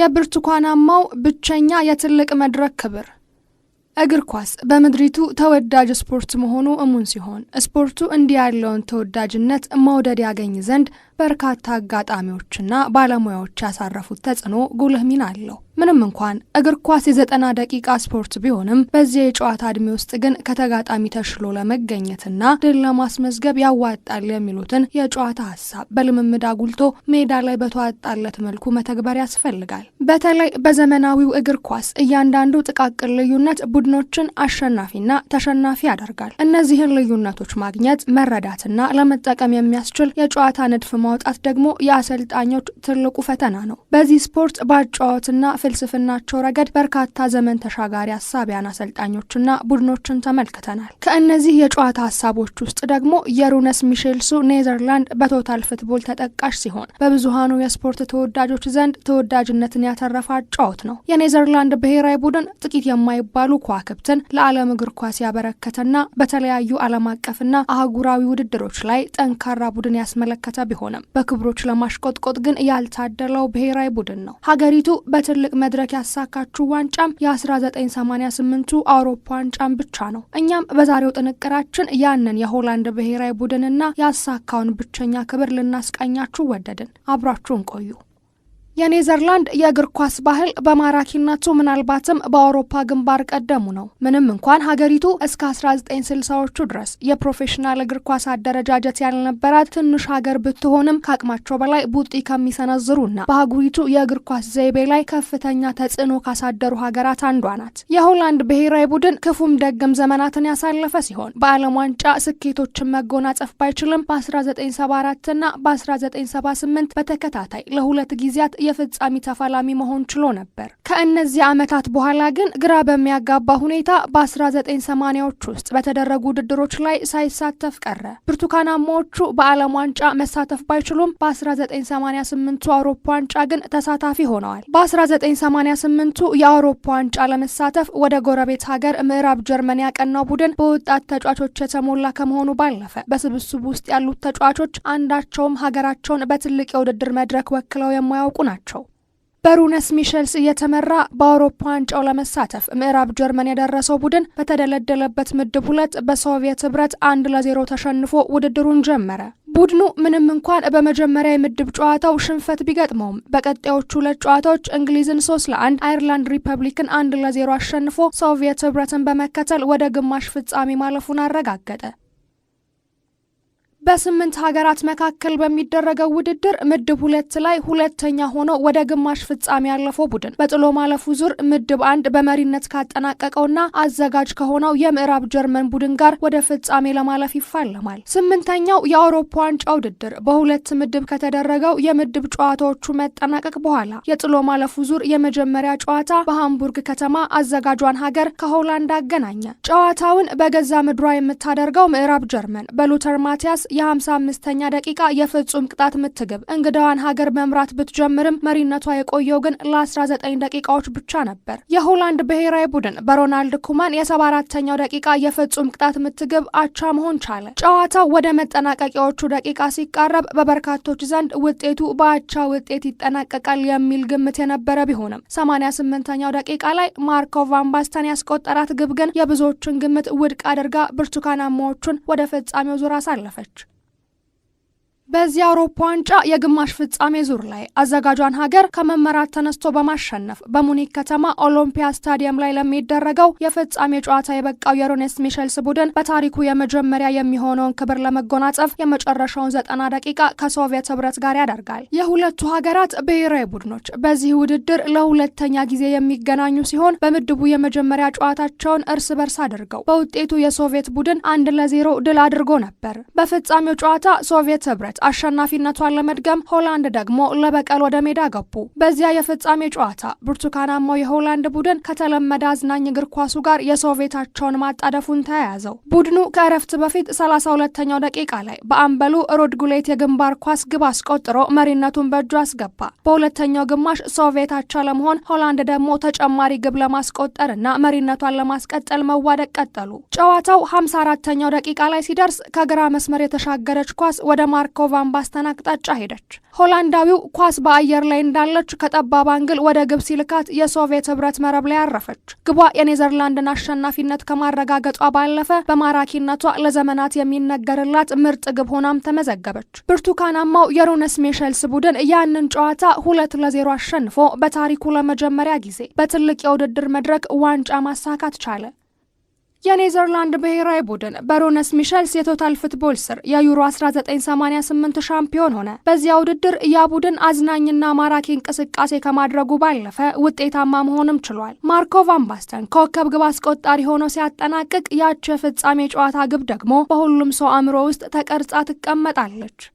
የብርቱካናማው ብቸኛ የትልቅ መድረክ ክብር እግር ኳስ በምድሪቱ ተወዳጅ ስፖርት መሆኑ እሙን ሲሆን ስፖርቱ እንዲህ ያለውን ተወዳጅነት መውደድ ያገኝ ዘንድ በርካታ አጋጣሚዎችና ባለሙያዎች ያሳረፉት ተጽዕኖ ጉልህ ሚና አለው። ምንም እንኳን እግር ኳስ የዘጠና ደቂቃ ስፖርት ቢሆንም በዚያ የጨዋታ እድሜ ውስጥ ግን ከተጋጣሚ ተሽሎ ለመገኘትና ድል ለማስመዝገብ ያዋጣል የሚሉትን የጨዋታ ሀሳብ በልምምድ አጉልቶ ሜዳ ላይ በተዋጣለት መልኩ መተግበር ያስፈልጋል። በተለይ በዘመናዊው እግር ኳስ እያንዳንዱ ጥቃቅን ልዩነት ቡድኖችን አሸናፊና ተሸናፊ ያደርጋል። እነዚህን ልዩነቶች ማግኘት መረዳትና ለመጠቀም የሚያስችል የጨዋታ ንድፍ ማውጣት ደግሞ የአሰልጣኞች ትልቁ ፈተና ነው። በዚህ ስፖርት ባጫወትና በፍልስፍናቸው ረገድ በርካታ ዘመን ተሻጋሪ ሀሳቢያን አሰልጣኞችና ቡድኖችን ተመልክተናል። ከእነዚህ የጨዋታ ሀሳቦች ውስጥ ደግሞ የሩነስ ሚሼልሱ ኔዘርላንድ በቶታል ፉትቦል ተጠቃሽ ሲሆን በብዙሃኑ የስፖርት ተወዳጆች ዘንድ ተወዳጅነትን ያተረፈ ጨዋታ ነው። የኔዘርላንድ ብሔራዊ ቡድን ጥቂት የማይባሉ ከዋክብትን ለዓለም እግር ኳስ ያበረከተና በተለያዩ ዓለም አቀፍና አህጉራዊ ውድድሮች ላይ ጠንካራ ቡድን ያስመለከተ ቢሆንም በክብሮች ለማሽቆጥቆጥ ግን ያልታደለው ብሔራዊ ቡድን ነው። ሀገሪቱ በትልቅ መድረክ ያሳካችው ዋንጫም የ1988ቱ አውሮፓ ዋንጫም ብቻ ነው። እኛም በዛሬው ጥንቅራችን ያንን የሆላንድ ብሔራዊ ቡድንና ያሳካውን ብቸኛ ክብር ልናስቃኛችሁ ወደድን። አብራችሁን ቆዩ። የኔዘርላንድ የእግር ኳስ ባህል በማራኪነቱ ምናልባትም በአውሮፓ ግንባር ቀደሙ ነው። ምንም እንኳን ሀገሪቱ እስከ 1960ዎቹ ድረስ የፕሮፌሽናል እግር ኳስ አደረጃጀት ያልነበራት ትንሽ ሀገር ብትሆንም ከአቅማቸው በላይ ቡጢ ከሚሰነዝሩና በአህጉሪቱ የእግር ኳስ ዘይቤ ላይ ከፍተኛ ተጽዕኖ ካሳደሩ ሀገራት አንዷ ናት። የሆላንድ ብሔራዊ ቡድን ክፉም ደግም ዘመናትን ያሳለፈ ሲሆን በዓለም ዋንጫ ስኬቶችን መጎናጸፍ ባይችልም በ1974ና በ1978 በተከታታይ ለሁለት ጊዜያት የፍጻሜ ተፋላሚ መሆን ችሎ ነበር። ከእነዚህ ዓመታት በኋላ ግን ግራ በሚያጋባ ሁኔታ በ1980ዎች ውስጥ በተደረጉ ውድድሮች ላይ ሳይሳተፍ ቀረ። ብርቱካናማዎቹ በዓለም ዋንጫ መሳተፍ ባይችሉም በ1988ቱ አውሮፓ ዋንጫ ግን ተሳታፊ ሆነዋል። በ1988ቱ የአውሮፓ ዋንጫ ለመሳተፍ ወደ ጎረቤት ሀገር ምዕራብ ጀርመን ያቀናው ቡድን በወጣት ተጫዋቾች የተሞላ ከመሆኑ ባለፈ በስብስቡ ውስጥ ያሉት ተጫዋቾች አንዳቸውም ሀገራቸውን በትልቅ የውድድር መድረክ ወክለው የማያውቁ ናቸው። በሩነስ ሚሸልስ እየተመራ በአውሮፓ ዋንጫው ለመሳተፍ ምዕራብ ጀርመን የደረሰው ቡድን በተደለደለበት ምድብ ሁለት በሶቪየት ህብረት አንድ ለዜሮ ተሸንፎ ውድድሩን ጀመረ። ቡድኑ ምንም እንኳን በመጀመሪያ የምድብ ጨዋታው ሽንፈት ቢገጥመውም በቀጣዮቹ ሁለት ጨዋታዎች እንግሊዝን ሶስት ለአንድ አይርላንድ ሪፐብሊክን አንድ ለዜሮ አሸንፎ ሶቪየት ህብረትን በመከተል ወደ ግማሽ ፍጻሜ ማለፉን አረጋገጠ። በስምንት ሀገራት መካከል በሚደረገው ውድድር ምድብ ሁለት ላይ ሁለተኛ ሆኖ ወደ ግማሽ ፍጻሜ ያለፈው ቡድን በጥሎ ማለፉ ዙር ምድብ አንድ በመሪነት ካጠናቀቀውና አዘጋጅ ከሆነው የምዕራብ ጀርመን ቡድን ጋር ወደ ፍጻሜ ለማለፍ ይፋለማል። ስምንተኛው የአውሮፓ ዋንጫ ውድድር በሁለት ምድብ ከተደረገው የምድብ ጨዋታዎቹ መጠናቀቅ በኋላ የጥሎ ማለፉ ዙር የመጀመሪያ ጨዋታ በሃምቡርግ ከተማ አዘጋጇን ሀገር ከሆላንድ አገናኘ። ጨዋታውን በገዛ ምድሯ የምታደርገው ምዕራብ ጀርመን በሉተር ማቲያስ የ55ኛ ደቂቃ የፍጹም ቅጣት ምትግብ እንግዳዋን ሀገር መምራት ብትጀምርም መሪነቷ የቆየው ግን ለ19 ደቂቃዎች ብቻ ነበር። የሆላንድ ብሔራዊ ቡድን በሮናልድ ኩማን የ74ኛው ደቂቃ የፍጹም ቅጣት ምትግብ አቻ መሆን ቻለ። ጨዋታው ወደ መጠናቀቂያዎቹ ደቂቃ ሲቃረብ በበርካቶች ዘንድ ውጤቱ በአቻ ውጤት ይጠናቀቃል የሚል ግምት የነበረ ቢሆንም 88ኛው ደቂቃ ላይ ማርኮ ቫንባስተን ያስቆጠራት ግብ ግን የብዙዎችን ግምት ውድቅ አድርጋ ብርቱካናማዎቹን ወደ ፍጻሜው ዙር አሳለፈች። በዚህ አውሮፓ ዋንጫ የግማሽ ፍጻሜ ዙር ላይ አዘጋጇን ሀገር ከመመራት ተነስቶ በማሸነፍ በሙኒክ ከተማ ኦሎምፒያ ስታዲየም ላይ ለሚደረገው የፍጻሜ ጨዋታ የበቃው የሮኔስ ሚሸልስ ቡድን በታሪኩ የመጀመሪያ የሚሆነውን ክብር ለመጎናጸፍ የመጨረሻውን ዘጠና ደቂቃ ከሶቪየት ህብረት ጋር ያደርጋል። የሁለቱ ሀገራት ብሔራዊ ቡድኖች በዚህ ውድድር ለሁለተኛ ጊዜ የሚገናኙ ሲሆን በምድቡ የመጀመሪያ ጨዋታቸውን እርስ በርስ አድርገው በውጤቱ የሶቪየት ቡድን አንድ ለዜሮ ድል አድርጎ ነበር። በፍጻሜው ጨዋታ ሶቪየት ህብረት አሸናፊነቷን ለመድገም ሆላንድ ደግሞ ለበቀል ወደ ሜዳ ገቡ። በዚያ የፍጻሜ ጨዋታ ብርቱካናማው የሆላንድ ቡድን ከተለመደ አዝናኝ እግር ኳሱ ጋር የሶቪየታቸውን ማጣደፉን ተያያዘው። ቡድኑ ከእረፍት በፊት 32ኛው ደቂቃ ላይ በአምበሉ ሮድጉሌት የግንባር ኳስ ግብ አስቆጥሮ መሪነቱን በእጁ አስገባ። በሁለተኛው ግማሽ ሶቪየታቸው ለመሆን ሆላንድ ደግሞ ተጨማሪ ግብ ለማስቆጠር እና መሪነቷን ለማስቀጠል መዋደቅ ቀጠሉ። ጨዋታው 54ኛው ደቂቃ ላይ ሲደርስ ከግራ መስመር የተሻገረች ኳስ ወደ ማርኮ ቫን ባስተን አቅጣጫ ሄደች። ሆላንዳዊው ኳስ በአየር ላይ እንዳለች ከጠባብ አንግል ወደ ግብ ሲልካት የሶቪየት ህብረት መረብ ላይ አረፈች። ግቧ የኔዘርላንድን አሸናፊነት ከማረጋገጧ ባለፈ በማራኪነቷ ለዘመናት የሚነገርላት ምርጥ ግብ ሆናም ተመዘገበች። ብርቱካናማው የሮነስ ሜሸልስ ቡድን ያንን ጨዋታ ሁለት ለዜሮ አሸንፎ በታሪኩ ለመጀመሪያ ጊዜ በትልቅ የውድድር መድረክ ዋንጫ ማሳካት ቻለ። የኔዘርላንድ ብሔራዊ ቡድን በሮነስ ሚሸልስ የቶታል ፉትቦል ስር የዩሮ 1988 ሻምፒዮን ሆነ። በዚያ ውድድር ያ ቡድን አዝናኝና ማራኪ እንቅስቃሴ ከማድረጉ ባለፈ ውጤታማ መሆንም ችሏል። ማርኮ ቫን ባስተን ኮከብ ግብ አስቆጣሪ ሆኖ ሲያጠናቅቅ ያቸው የፍጻሜ ጨዋታ ግብ ደግሞ በሁሉም ሰው አእምሮ ውስጥ ተቀርጻ ትቀመጣለች።